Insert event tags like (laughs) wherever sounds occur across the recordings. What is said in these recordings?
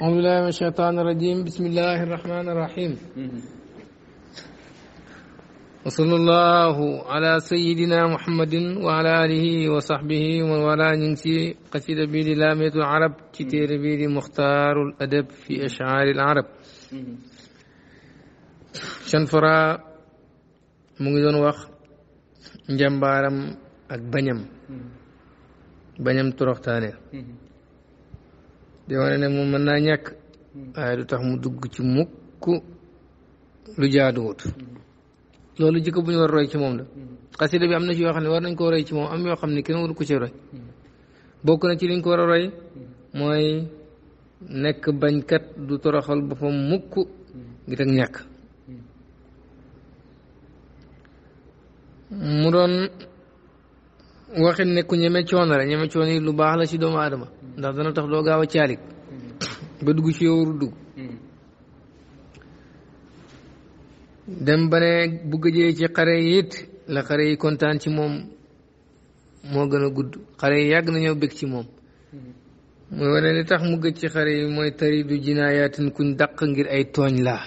أعوذ بالله من الشيطان الرجيم بسم الله الرحمن الرحيم وصلى الله على سيدنا محمد وعلى آله وصحبه ومن والاه جنسي قصيدة بيد لامية العرب كتير بيد مختار الأدب في أشعار العرب شنفرا مغيدون وخ جنبارم أك بنيم بنيم ترختاني di wane ne moom mën naa ñàkk waaye du tax mu dugg ci mukk lu jaaduwut loolu jikko bu ñu war roy ci moom la xasida bi am na ci yoo xam ne war nañ koo roy ci moom am yoo xam ne kenn waru ko ci roy bokk na ci liñ ko war a roy mooy nekk bañkat du toroxal boppam mukk ngir ak ñàkk mu doon waxit ne ku ñeme coono la ñeme coono yi lu baax la ci doomu aadama ndax dana tax doo gaaw a caalik ba dugg ci yow warul dugg dem ba ne bu gëjee ci xare yi la xare yi kontaan ci moom moo gën a gudd xare yi yàgg nañoo bég ci moom mooy wane li tax mu gëj ci xare yi mooy tari du jinaayatin kuñ daq ngir ay tooñ laa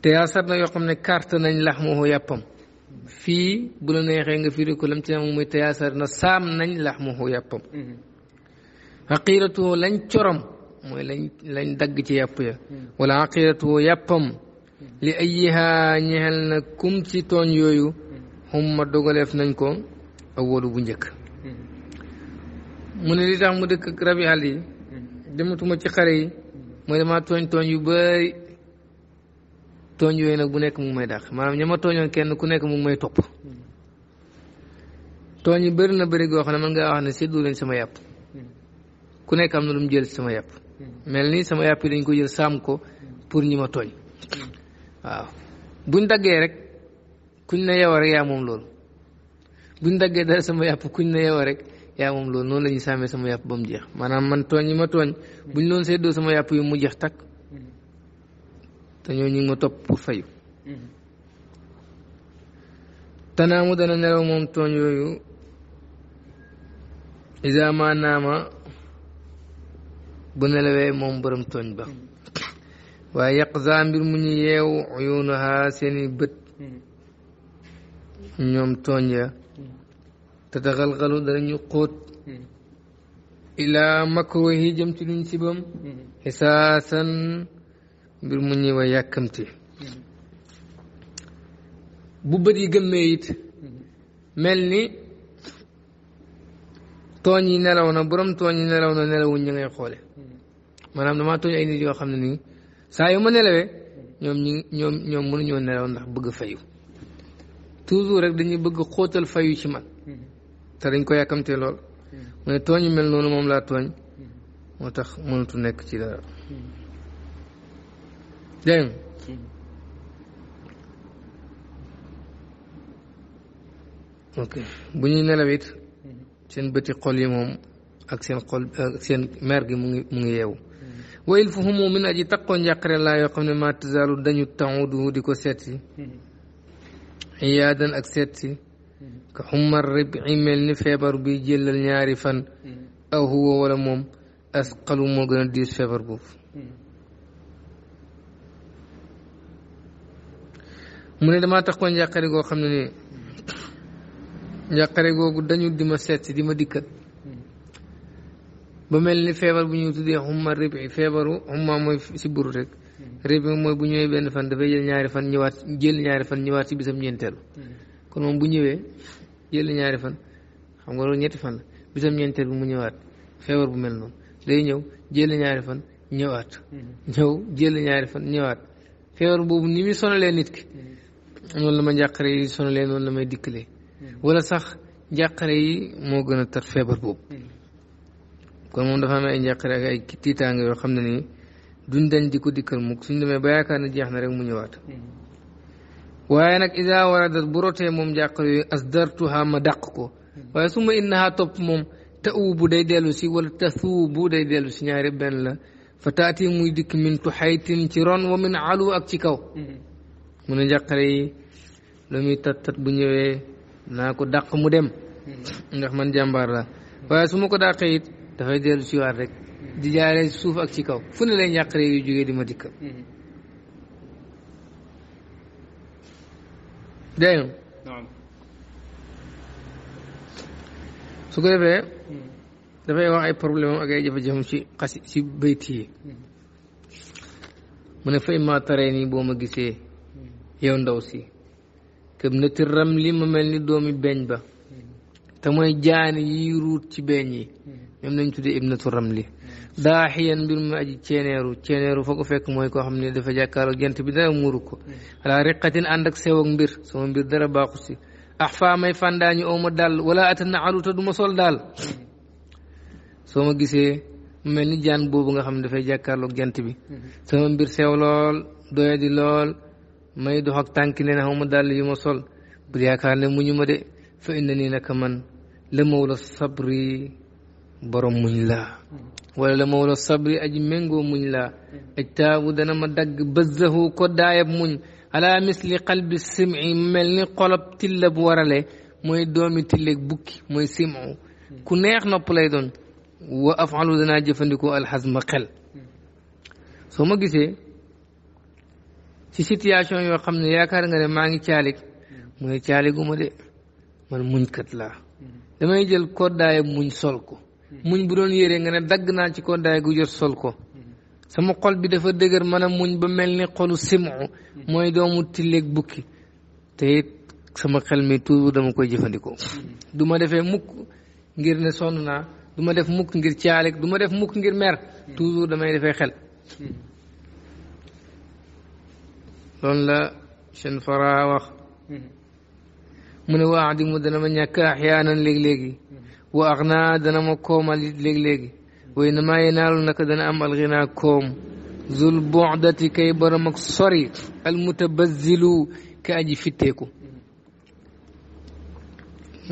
te yaa na yoo xam ne carte nañ lax moo yàppam fii bu la neexee nga firi ko lam ci am mooy te yaa na saam nañ lax moo yàppam xaqiiratuhu lañ corom mooy lañ lañ dagg ci yàpp ya wala xaqiiratuhu yàppam li ayiha ñexel na kum ci tooñ yooyu xumma dogaleef nañ ko awalu bu njëkk mu ne li tax mu dëkk rabi àll yi dematuma ci xare yi mooy damaa tooñ tooñ yu bëri tooñ yooyu nag bu nekk mu ngi may dàq maanaam ña tooñoon kenn ku nekk mu ngi may topp tooñ yu bari na bëri goo xam ne mën wax ne séddoo lañ sama yàpp ku nekk am na lu mu jël sama yàpp mel ni sama yàpp yi dañ ko jël saam ko pour ñi ma tooñ waaw buñ daggee rek kuñ na yow rek yaa moom loolu buñ daggee dara sama yàpp kuñ ne yow rek yaa moom loolu noonu la ñuy sàmmee sama yàpp ba mu jeex maanaam ñu ngi ma topp pour fayu tanaamu dana nelaw moom tooñ yooyu isa ma naama bu nelawee moom borom tooñ ba waaye yaqza mbir mu ñu yeew uyunaha seeni bët ñoom tooñ ya tataxalxalu danañu xóot ilaa makruhi jëm ci luñ sibam xisaasan mbir mu ñuy wa yàkkamti bu bët yi gëmmee it mel ni tooñ yi nelaw na borom tooñ yi nelaw na nelawuñ ñu ngay xoole maanaam damaa tooñ ay nit yoo xam ne nii saa yu ma nelawee ñoom ñi ñoom ñoom mënuñoo nelaw ndax bëgg fayu toujours rek dañuy bëgg xóotal fayu ci man te dañ ko yàkkamtee lool mu ne tooñ yu mel noonu moom laa tooñ moo tax mënatu nekk ci dara dégg ok bu ñuy nelaw seen bëti xol yi moom ak seen xol ak seen mer gi mu ngi mu ngi yeewu wa il fuhumu min aji taqoo njàqare laa yoo xam ne ma tazaalu dañu taxudu di ko seet si iyaadan ak seet si ka xumar rib i mel ni feebar bi jëlal ñaari fan aw huwa wala moom asqalu moo gën a diis feebar boobu mu ne damaa taqoo njàqare goo xam ne nii njàqare googu dañu di ma seet di ma dikkal ba mel ni feebar bu ñuy tuddee xumma ribi feebaru xumma mooy si buru rek ribi mooy bu ñëwee benn fan dafay jël ñaari fan ñëwaat jël fan ñëwaat si bisam ñeenteelu kon moom bu ñëwee jël ñaari fan xam nga loolu ñetti fan la bisam ñeenteel bi mu ñëwaat feebar bu mel noonu day ñëw jël ñaari fan ñëwaat ñëw jël ñaari fan ñëwaat feebar boobu ni muy sonalee nit ki mm-hmm. noonu la ma njàqare yi sonalee noonu la may dikkalee wala sax njàqare yi moo gën a tar feebar boobu hmm. kon moom dafa am ay njàqare ay tiitaanga yoo xam ne nii duñ dañ di ko dikkal mukk suñ demee ba yaakaar ne jeex na rek mu ñëwaat hmm. waaye nag isa waradat bu rotee moom njàqare yooyu asdartuha ma dàq ko hmm. waaye su ma innaha topp moom tawubu day dellu si wala tasuubu day dellu si ñaari benn la fa taati muy dikk min tuxaytin ci ron wa na alu ak ci kaw mu ne njàqare yi lu muy tat Nah, ko dakk mu dem hmm. ndax man jambar la kau su ma ko dàqee it fay delu si war rek hmm. di jaaree suuf ak ci kaw fu ne ñak re yu joge di ma dikk dégg su ko da fay wax ay problème ak ay jafe jëm ci xasi ci bayt mu ne fay ma taree ni bo ma gisé hmm. yow ndaw si këm nati ram li mu mel ni doomi beñ ba te mooy jaani yi ruut ci beñ yi ñoom lañ tuddee ibnatu ram li daaxiyan mbir mu aji ceeneeru ceeneeru foo fekk mooy koo xam ne dafa jàkkaarloo gent bi dara muuru ko ala riqatin ànd ak sew ak mbir sama mbir dara baaxu ax faa may fandaañu ooma daal wala ata naaluta du ma sol daal soo ma gisee mel ni jaan boobu nga xam ne dafay jàkkaarloo gent bi sama mbir sew lool doyadi lool may dox ak tànki neen xaw ma dàll yu ma sol bul yaakaar ne muñu ma de fa inna nii naka man la mawla sabri borom muñ laa wala la mawla sabri aji méngoo muñ laa ajtaabu dana ma dagg bëzahu ko daayab muñ ala misli qalbi simi mel ni xolob tilla bu warale mooy doomi tilleeg bukki mooy simu ku neex nopp lay doon wa afalu danaa jëfandikoo alxasma xel soo ma gisee ci situation yoo xam ne yaakaar nga ne maa ngi caalik mu ne caaliguma de man muñkat laa damay jël koddaay muñ sol ko muñ bu doon yére nga ne dagg naa ci koddaay gu jot sol ko sama xol bi dafa dëgër mën a muñ ba mel ni xolu simu mooy doomu tilleeg bukki te sama xel mi tuur dama koy jëfandikoo du ma defee mukk ngir ne sonn naa du ma def mukk ngir caalik du ma def mukk ngir mer toujours damay defee xel loolu la seen fara wax mu ne waa di mu dana ma ñàkk axyaanan léegi-léegi wa ax naa dana ma koomal it léegi-léegi way na maa yenaalu naka dana am alxinaa koom zul bondati kay borom ak sori almutabazilu ka aji fitteeku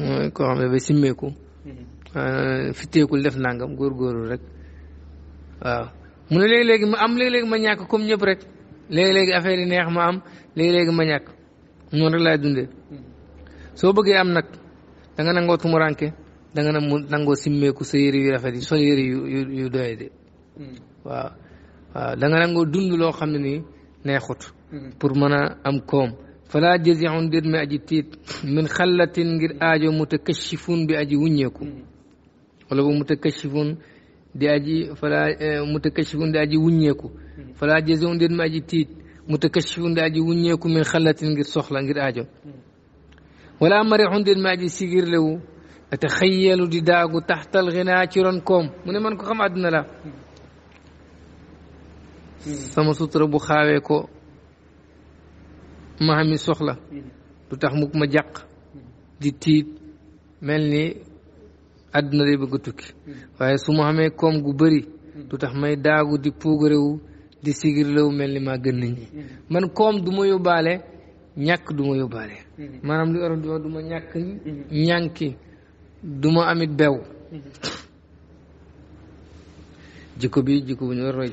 mooy koo xam ne ba simmeeku fitteekul def nangam góorgóorlu rek waaw mu ne léegi-léegi ma am léegi-léegi ma ñàkk comme ñëpp rek léegi-léegi affaire yi neex ma am léegi-léegi ma ñàkk noonu rek laay dundee soo bëggee am nag danga nangoo tumuranke danga nga nangoo simmeeku sa yëri yu rafet yu sol yëri yu yu doye de hmm. waaw waaw nangoo dund loo xam ne nii neexut hmm. pour mën a am koom fala jazihun déet mi aji tiit min xallatin ngir aajo mutakashifun bi aji wuññeeku hmm. wala bu mutakashifun di aji fala eh, mutakashifun di aji wuññeeku hmm. fala jazon déet ma aji tiit mutakashifun di aji wuññeeku min xalatin ngir soxla ngir aajo hmm. wala marixun déet ma aji sigirlewu ata xayyalu di daagu taxtal xinaa ci koom mu ne man ko xam àdduna la hmm. sama sutura bu xaawee ko ma xami soxla du tax mukk ma jàq di tiit mel ni àdduna day bëgg a tukki waaye su ma xamee koom gu bëri du tax may daagu di puugarewu di sigirlewu mel ni maa gën nit man koom du ma yóbbaale ñàkk duma ma yóbbaale maanaam li waroon di wax du ma du bi jikko bu ñu war roy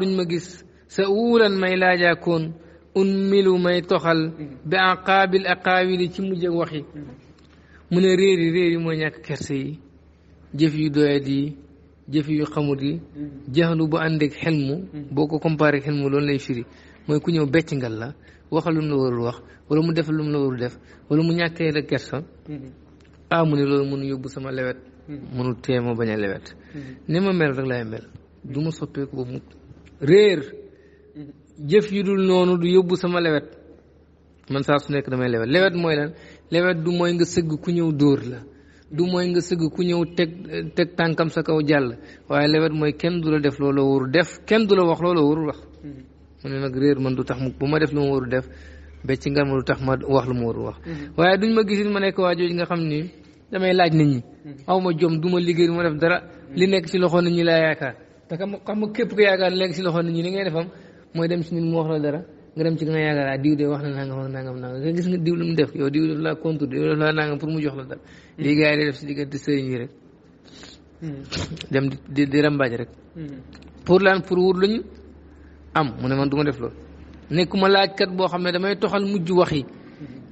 ci ma gis سأولا ما لا يكون أنمل ما يتخل بأعقاب الأقاويل تمجا وخي من ريري ريري ما نياك mooy جف يدوي yi jëf yu xamut yi jaxlu bu ànd ak xel mu boo ko comparé xel mu loolu lay firi mooy ku ñëw becc ngal la waxal lu mu la warul wax wala mu def lu mu la warul def wala mu ñàkkee la kersa ah mu ne loolu mënu yóbbu sama lewet mënu teema bañ a lewet hmm. ni ma mel rek laay mel du soppeeku ba mu réer jëf yu dul noonu du yóbbu sama lewet man saa su nekk damay lewet lewet mooy lan lewet du mooy nga sëgg ku ñëw dóor la du mooy nga sëgg ku ñëw teg teg tànkam sa kaw jàll waaye lewet mooy kenn du la def loola wóoru def kenn du la wax loola wóoru wax mm-hmm. mu ne nag réer man du tax mu bu ma def lu ma wóoru def becc nga du tax ma wax lu ma wóoru wax mm-hmm. waaye duñ ma gisit ma nekk waa jooju nga xam ni damay laaj nit ñi mm-hmm. aw ma jom du ma liggéey du ma def dara li nekk ci loxo nit ñi laa yaakaar te xam nga képp ko yaakaar li nekk ci loxo nit mooy dem si nit mu wax la dara nga dem ci nga yaakaar ah, diw de wax na nangam wax na nangam nangam nga gis nga diw lu mu def yow diw def laa contour diw def laa nangam pour mu jox la dara hmm. lii gars yi di def si diggante sëriñ yi rek hmm. di di rambaaj rek hmm. pour laan pour wut luñ am mu ne man du ma def loolu nekkuma laajkat boo xam ne damay toxal mujj wax yi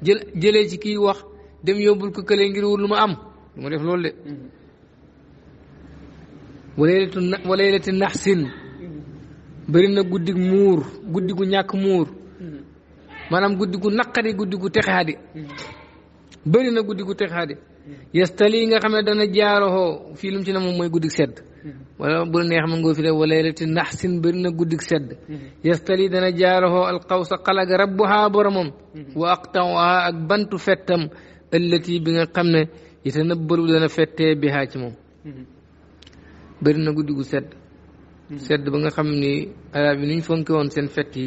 jël jëlee ci kii wax dem yóbbul ko kële ngir wut ma am du ma def loolu de walaylati naxsin bari na guddi muur guddi gu ñàkk muur mm-hmm. maanaam guddi gu naqari guddi gu texaadi mm-hmm. bëri na guddi gu texaadi mm-hmm. yastali nga xam ne dana jaaroo fii lu ci ne moom mooy guddi sedd wala bu neex ma ngoo fi de wala laylati naxsin bëri na guddi sedd yastali dana jaaroo alqawsa xalag rabbuha moom wa aqtawha ak bantu fettam ëllëti bi nga xam ne yitanabbalu dana fettee bihaa ci moom bëri na guddi gu sedd sedd ba nga xam ni arab yi nu ñu fonke woon seen fett yi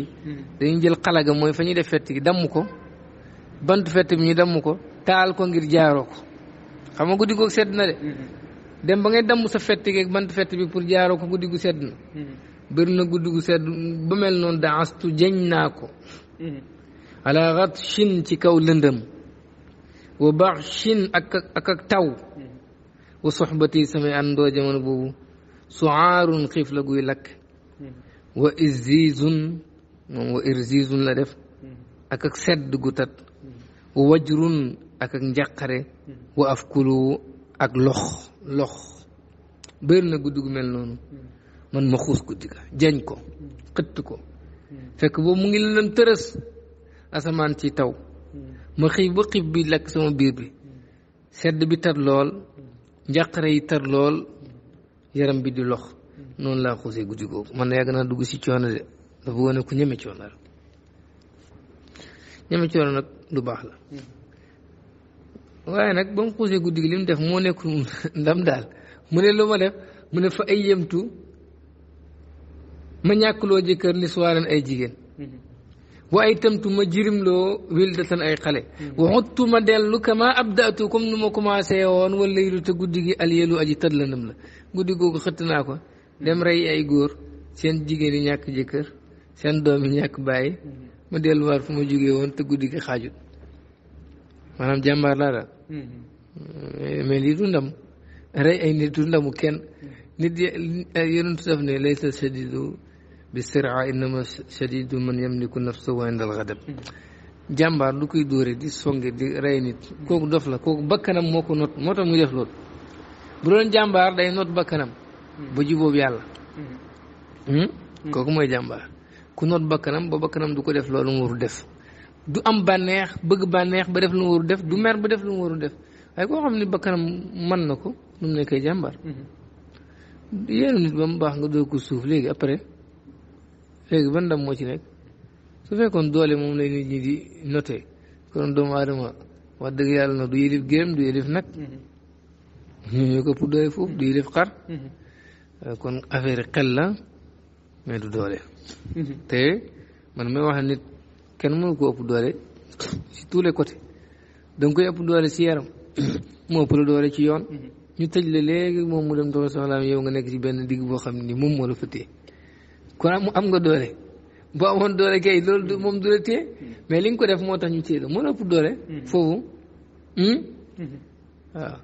dañuy jël xalaga mooy fa ñuy def fett gi damm ko bant fett bi ñu damm ko taal ko ngir jaaroo ko xam nga guddi googu sedd na dem ba ngay damm sa fett bant fett bi pour jaaroo ko guddi gu sedd na bëri na guddi gu sedd ba mel noonu daastu jeñ naa ko ala gatchin ci kaw lëndëm wa baxchin ak ak ak taw wa soxbati samay àndoo jamono boobu suaarun xiif la guy lakk hmm. wa irzizun moom wa irzizun la def hmm. ak ak sedd gu tat hmm. wa wajrun ak ak njàqare wa afkulu ak lox lox bëri na guddi gu mel noonu man ma xuus guddi ga jañ ko xëtt ko fekk boobu mu ngi lëndëm tërës asamaan ci taw ma xiif ba xiif bi lakk sama biir bi sedd bi tar lool njàqare yi tar lool yaram bi di lox noonu laa xuusee guddi googu man yàgg naa dugg si coono de dafa wane ku ñeme coono rek ñeme coono nag lu baax la waaye nag ba mu guddi gi li def moo nekkul (laughs) ndam daal mu ne lu ma def mu ne fa ay yemtu ma ñàkk loo jëkkër li suwaaleen ay jigéen mm-hmm. wa ay tamtu ma jirimloo wildatan ay xale hmm. waxuttu ma dellu kama abdatu comme nu ma commencé woon wala yilu te guddi gi alyeelu aji tëdlanam la guddi googu xëtt naa ko hmm. dem rey ay góor seen jigéen yi ñàkk jëkkër seen doom ñàkk bàyyi hmm. ma delluwaat fu ma jógee woon te guddi gi xaajut maanaam jàmbaar laa daal eh, mais lii du rey ay nit du kenn nit yonentu daf ne laysa shadidu bi sira innama shadidu man yamliku nafsahu inda alxadab jàmbaar du koy dóore di songe di rey nit kooku dof la kooku bakkanam moo ko not moo tax muy def loolu bu doon jàmbaar day not bakkanam ba jubóob yàlla hmm? Hmm. kooku mooy jàmbaar ku not bakkanam du ko def loolu mu du am bànneex bëgg bànneex ba def lu mu waru def du mer ba def lu mu waru def waaye koo xam ne bakkanam mën na ko nu mu nekkee jàmbaar hmm. yéenu nit ba mu baax nga dóor ko suuf léegi après léegi ban ndam moo ci nekk su fekkoon doole moom lay nit ñi di noté kon doomu aadama wax dëgg yàlla na du yëlif géem du yëlif nag mm-hmm. ñu ñu mm-hmm. la mais du mm-hmm. wax nit kenn mënu ko ëpp doole ci tous les côtés da nga koy ëpp doole ci yaram (coughs) moo ëpp la ci yoon ñu tëj la léegi moom mu dem doxi soxlaam yow nga nekk ci benn digg boo xam ni moom moo la fëttee kon am nga doole boo amoon doole kay loolu moom du la téye mais li nga ko def moo tax ñu téye la moo la ëpp doole. Mm-hmm. foofu hmm? mm-hmm. waaw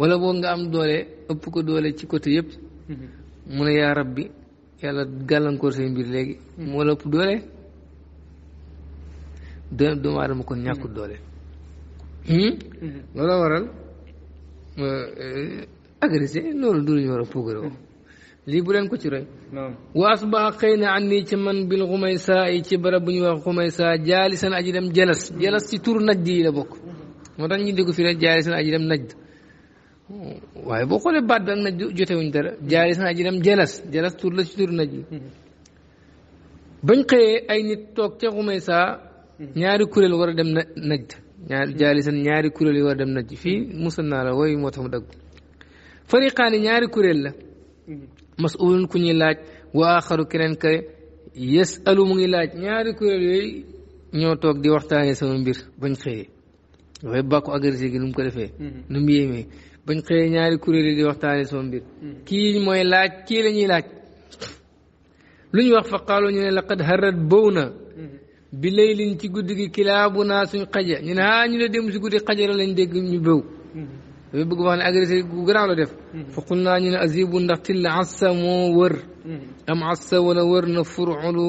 wala nga am doole ëpp ko doole ci côté yëpp. Mm-hmm. mu ne yaa rabbi yàlla gàllankoor seen mbir léegi. moo la ëpp doole doole doomu aadama kon ñàkkut doole. Hmm? loolu waral euh, euh, agressé loolu du lu ñu war a puugaroo lii bu leen ko ci roy wa asbaha xëy na an nii ci man bil xumaysa yi ci barab bu ñuy wax xumaysa jaalisan aji dem jalas jalas ci tur najd yi bokk moo tax ñu dégg fi rek jaalisan aji dem boo xoolee baat bi jotewuñ dara jaalisan aji dem jalas jalas tur la ci tur najd yi ay nit toog ca sa ñaari kuréel war a dem najd ñaari jaalisan ñaari kuréel yi war a dem najd fii musal naa la wooyu moo tax dagg fariqaani ñaari kuréel la mhm. masulun ku ñuy laaj wa axaru keneen ka yes alu mu ngi laaj ñaari kuréel yooyu ñoo toog di waxtaanee sama mbir bañ xëyee dafay bàkku agressé gi nu mu ko defee mm-hmm. nu mu yéemee bañ xëyee ñaari kuréel yi di waxtaanee sama mbir mm-hmm. kii mooy laaj kii la ñuy laaj lu ñu wax fa qaalu ñu ne laqad harrat bow na mm-hmm. bi laylin ci guddi gi kilaabu naa suñ xaja ñu ne ah ñu ne dem si guddi xajara lañ dégg ñu béw بيبغي بان اغري سي غرا لو ديف فقلنا ني ازيب ندخ تل عصا مو ور ام عصا ولا ور نفر علو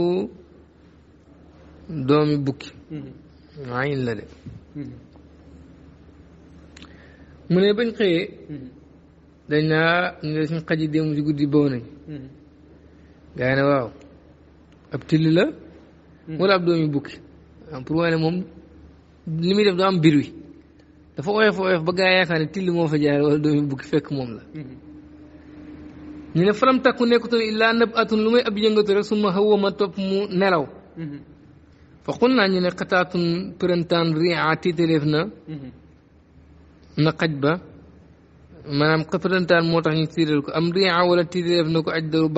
دومي بوكي عين لا ديف من بن خي دنا ني سن خدي ديم جي غدي بو ناي غانا واو اب تل لا ولا دومي بوكي ام بروانه موم لي مي ديف دو ام بيروي dafa oyof oyof ba gaa yaakaar ne moo fa jaar wala doomi bukki fekk moom la mhm. ñu ne faram takku nekkutoon illaa nab atun lu may ab yëngatu rek suma xaw ma topp mu nelaw mhm. fa xun naa ñu ne xataatun printemps ria tiitaléef na mhm. na xaj ba maanaam printemps moo tax ñu tiital ko am ria wala tiitaléef na ko aj daru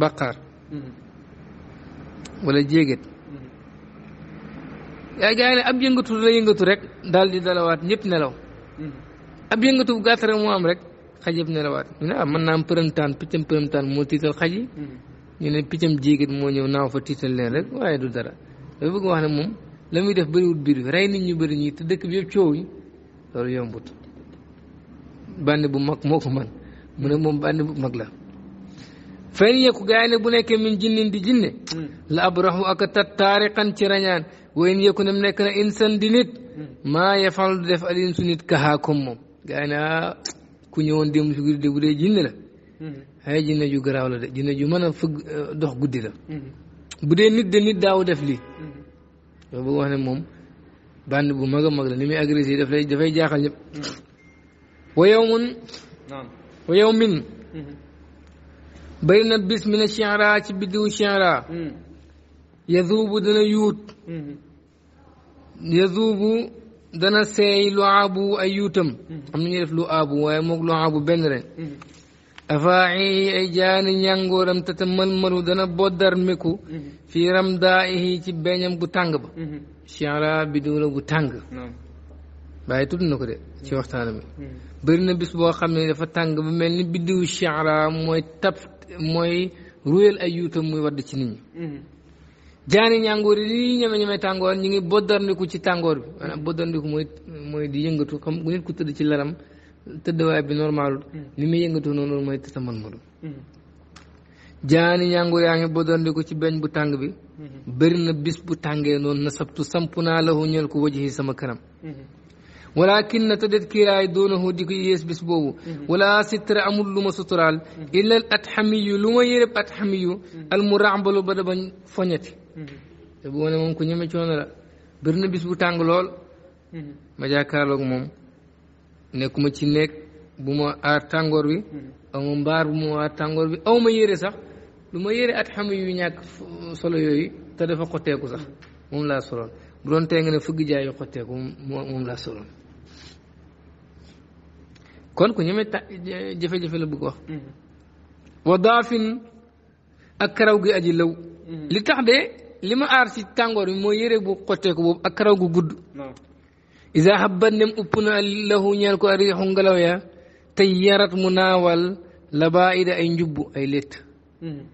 baqaar euh, wala jéegét yaa jaay ne ab yëngatu la yëngatu rek daal di dalawaat ñëpp nelaw mm-hmm. ab yëngatu bu gàtt moo am rek xaj yëpp nelawaat ñu ne ah mën naa am përëmtaan piccam përëmtaan moo tiital xaj yi mm-hmm. ñu ne piccam jéegit moo ñëw naaw fa tiital leen rek waaye du dara dafa bëgg wax ne moom la muy def bëriwul biir bi rey nit ñu bëri ñi te dëkk bi yëpp coow yi loolu yombut bànn bu mag moo ko man mu ne moom bànn bu mag la fay yëkku gaa yi ne bu nekkee min jinne mm. wa in yëkku nem nekk na insan di nit maa yafal def al insu nit kahaa comme moom gaa yi ne ah ku ñëwoon démb si guddi de bu dee jinne la mm-hmm. ay jinne ju garaaw la de jinne ju mën a euh, dox guddi la mm-hmm. bu dee nit de nit daaw def lii loolu mm-hmm. bëgg wax ne moom bànn bu mag a mag la ni muy agressé daf lay dafay jaaxal ñëpp wa yow mun wa yow min bëri na bis mi ne chienra ci biddiwu chienra yazuubu dana yuut mm-hmm. dana seey lu ay yuutam mm-hmm. am nañu def lu aabu waaye moog lu benn ren mm-hmm. afaaxihi ay jaani ñàngooram tata malmalu dana boddar miku fii ramdaa'ihi ci beñam bu tàng ba cira bi diw la bu tàng bàyyi tudd na ko de ci waxtaan bi bëri na boo xam ne dafa tàng ba mel ni biddiwu cira mooy tab mooy ruyal ay yuutam muy wadd ci nit jaani ñàngoor yi lii ñeme ñeme tàngoor ñu ngi boddarndiku ci tàngoor bi maanaam boddarndiku mooy mooy di yëngatu xam nit ku tëdd ci laram tëddwaay bi normalul ni muy yëngatu noonu mooy tëta man madu jaani ñàngoor yaa ngi boddarndiku ci beñ bu tàng bi bëri na bis bu tàngee noonu na sabtu samp naa lahu ñel ko waji sama kanam walakin na tëddet kiiraay doonahu di ko yées bis boobu wala sitra amul lu ma suturaal illal atxamiyu lu ma yërëb atxamiyu al mu raxbalu te bu wane moom ku ñeme coono la bëri na bis bu tàng lool ma jàkkaarloog moom nekkuma ci nekk bu ma aar tàngoor bi aw ma mbaar bu ma aar tàngoor bi aw ma yére sax lu ma yére at xam yu ñàkk solo yooyu te dafa xotteeku sax moom laa soloon bu doon tee nga ne fëgg jaay yu xotteeku moom laa soloon kon ku ñeme ta jafe la bëgg wax mm-hmm. wa daafin ak karaw gi aji law li tax de li ma aar tàngoor bi mooy yére bu xotteeku boobu ak karaw gu gudd isa habbat upp na lahu ñeel ko arixu ngelaw ya te yarat mu naawal la baa ida ay njubbu ay létt mm-hmm.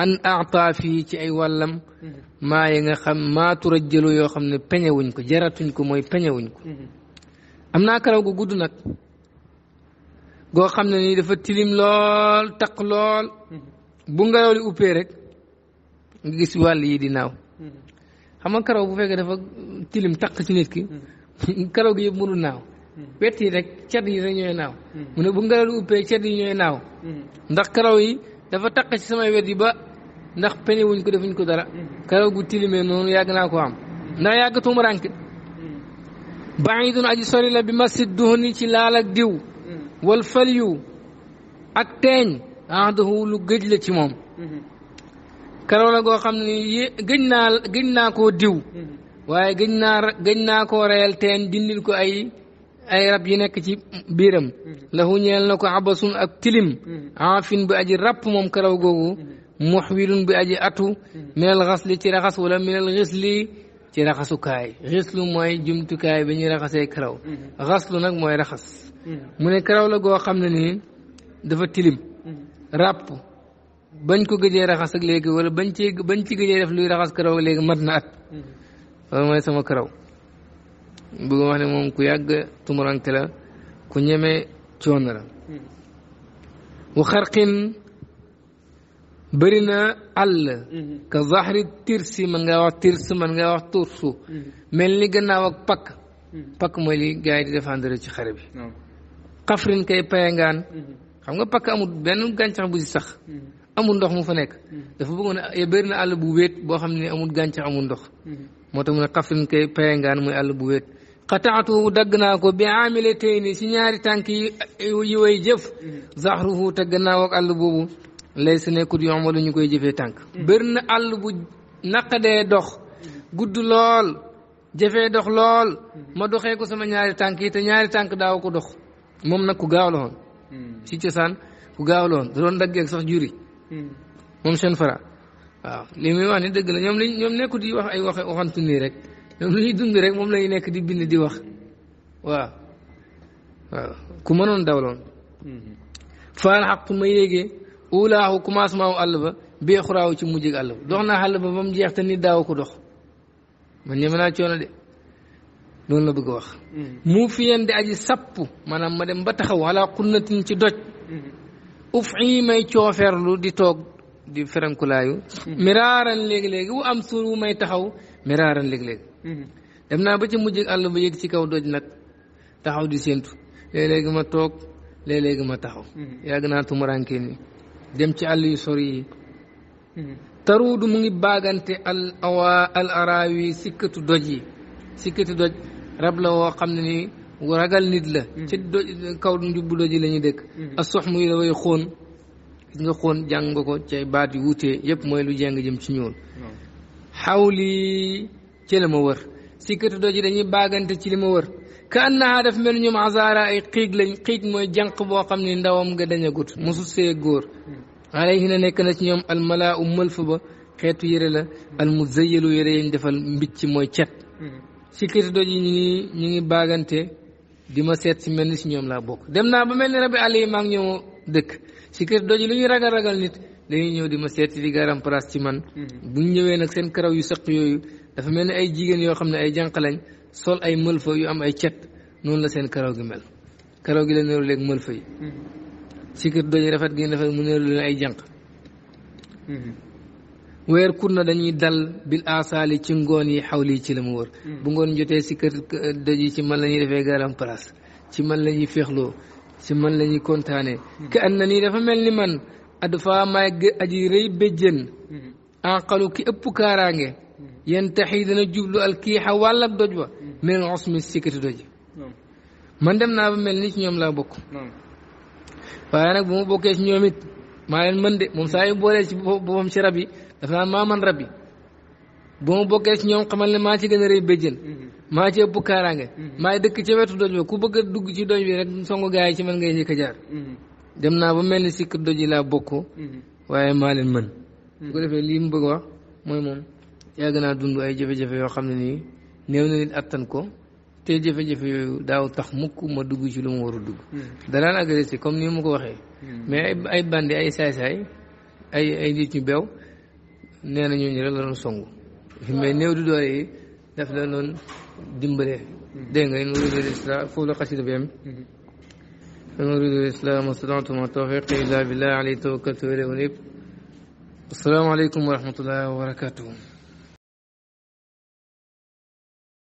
an aata fii ci ay wàllam mm-hmm. maa nga xam maa turajjalu yoo xam ne peñewuñ ko jaratuñ ko mooy peñewuñ ko mm-hmm. am naa karaw gu gudd nag goo xam ne nii dafa tilim lool taq lool bu ngelaw li uppee rek nga gis wàll yi di naaw hmm. xam karaw bu fekkee dafa tilim taq ci nit ki hmm. (laughs) karaw gi yëpp mënul naaw hmm. wet yi rek cat yi rek ñooy naaw mu ne bu ngelaw li uppee cat yi ñooy naaw ndax karaw yi dafa taq ci samay wet yi ba ndax pene wuñ ko defuñ ko dara karaw gu tilimee noonu yàgg naa ko am ndax yàgg tuumuranke baidun aji sori la bi masid duhni ci laal ak diw wal falyu ak teeñ ahdahu lu gëj la ci moom mm-hmm. karaw la goo xam ne gëj naa gëj naa koo diw mm-hmm. waaye gëj naa gëj naa koo reyal teen dindil ko ay ay rab yi nekk ci biiram mm-hmm. lahu ñeel na ko abasun ak tilim fin bi aji ràpp moom karaw googu muxwilun bi aji atu minal xasli ci raxas wala minal xisli ci raxasukaay xislu mooy jumtukaay bi ñuy raxasee karaw xaslu nag mooy raxas mu ne karaw la goo xam ne nii dafa tilim ràpp bañ ko gëjee raxas ak léegi wala bañ ci bañ ci gëjee def luy raxas karaw ak léegi mat na at mm-hmm. loolu mooy sama karaw bëgg wax ne moom ku yàgg tumuranke la ku ñeme coono la mm-hmm. wa xarqin bëri na àll mm-hmm. ka zahri tirsi man ngaa wax tirs man ngaa wax tursu mel ni gannaaw ak pakk pakk mooy li gars di défendre ci xare bi oh. xafrin kay payangaan xam nga pakk amul benn gàncax bu ci sax hmm. amul ndox mu fa nekk hmm. dafa bëggoon a eh, bëri na àll bu wéet boo xam ne amul gàncax amul ndox hmm. moo tax mu ne xafin kay perengaan muy àll bu wéet xataatu dagg naa ko bi amile tey si ñaari tànk yi way jëf zahruhu te gannaaw àll boobu lay su nekkut yomb ñu koy jëfee tànk bëri na àll bu naqadee dox gudd lool jëfe dox lool ma doxee ko sama ñaari tànk yi te ñaari tànk daaw ko dox moom nag ku gaaw la woon Hmm. si cosaan ku gaaw loon da doon daggeeg sax juri hmm. moom seen fara waaw li muy wax ni dëgg la ñoom lañ nekku di wax ay wax waxantu nii rek ñoom lu ñuy dund rek moom lañuy nekk di bind di wax waaw ku ku mënoon dawloon hmm. faal xaq ma yéegee ulaaxu commencement wu àll ba bee xuraaw ci mujjeg àll ba dox naa àll ba ba mu jeex te ni daaw ko dox man ñeme naa coono de loolu la bëgg a wax mm-hmm. mu fi yen di aji sapp maanaam ma dem ba taxaw wala xunnatin ci doj mm-hmm. uf yi may coofeerlu di toog di ferankulaayu mm-hmm. miraaran léegi-léegi wu am suur wu may taxaw miraaran léegi-léegi dem naa ba ci mujj àll ba yëg ci kaw doj nag taxaw di séentu léeg-léegi ma toog léeg-léegi ma taxaw yàgg naa tumuraanke ni dem ci àll yu sori yi taruudu mu ngi baagante al awa al araawi sikkatu doj yi sikkatu doj rab la woo xam ne nii ragal nit la mm-hmm. ci kaw njubbu doji la ñuy dëkk mm-hmm. ak sox muy la way xóon nga xóon jàng nga ko ci baat yu wutee yépp mooy lu jeng jam ci ñuul xawli ci la ma wër sikkatu doji dañuy baagante ci li ma wër ka annaha daf mel ñoom azaara ay xiig lañ xiig mooy jànq boo xam ne ndawam nga dañ agut mosu see góor mm-hmm. alayhi na nekk na ci ñoom almalaa u mëlf ba xeetu yére la almuzayalu yére yañ defal mbicc mooy cet sikkati doj yi ñu ngi ñu baagante di ma seet si mel ni si ñoom laa bokk dem naa ba mel ni rabi àll yi maa ngi ñëw dëkk sikkati doj yi lu ñuy ragal ragal nit dañuy ñëw di ma seet si di garam ci man. Mm-hmm. bu ñu ñëwee nag seen karaw yu sëq yooyu dafa mel ni ay jigéen yoo xam ne ay jànq lañ sol ay mëlfa yu am ay cet noonu la seen karaw gi mel karaw gi la néew léegi mëlfa yi. sikkati doj yi rafet gi rafet mu néew leen ay jànq. Mm-hmm. weer kur na dañuy dal bil asaali ci ngoon yi xaw lii ci la mu wër mm. bu ngoon jotee si kër daji ci man la ñuy defee garam place ci man la ñuy féexloo ci man la ñuy kontaane mm. ka an na ni dafa mel ni man ad fa maay aji rëy béjjën enqalu mm. ki ëpp kaaraange yan taxi dana jublu al kiixa walla doj wa min dem naa ba mel ni ci ñoom laa bokk waaye nag bu ma bokkee ci ñoom maa leen mën de moom saa yu boolee ci boppam ci rab yi dafa naan maa man rab yi bu ma bokkee ci ñoom xamal ne maa ci gën a rëy béjjën mm-hmm. maa ci ëpp kaaraange mm-hmm. maa dëkk ca wetu doj ku bëgg dugg ci doj bi rek songu gars yi ci man ngay njëkk a jaar mm-hmm. dem naa ba mel ni sikk doj yi laa bokk waaye maa leen mën bu ko defee lii mu bëgg wax mooy moom yàgg naa dund ay jafe-jafe yoo xam ne nii néew na attan ko te jafe yooyu daaw tax mukk ma dugg ci lu mu war a dugg danaan agressé comme ni ma ko waxee mais ay bandi ay saay-saay ay ay nit ñu beew nee na ñooñu rek la doon songu mais néew du doole yi daf la doon dimbale mm-hmm. dégg nga in uriidu al-islaaha foofu la xasida bi am mm-hmm. in uriidu al-islaaha ma stata'tu wa illaa billaah alayhi tawakkaltu wa ilayhi uniib assalaamu aleykum wa wa barakaatuh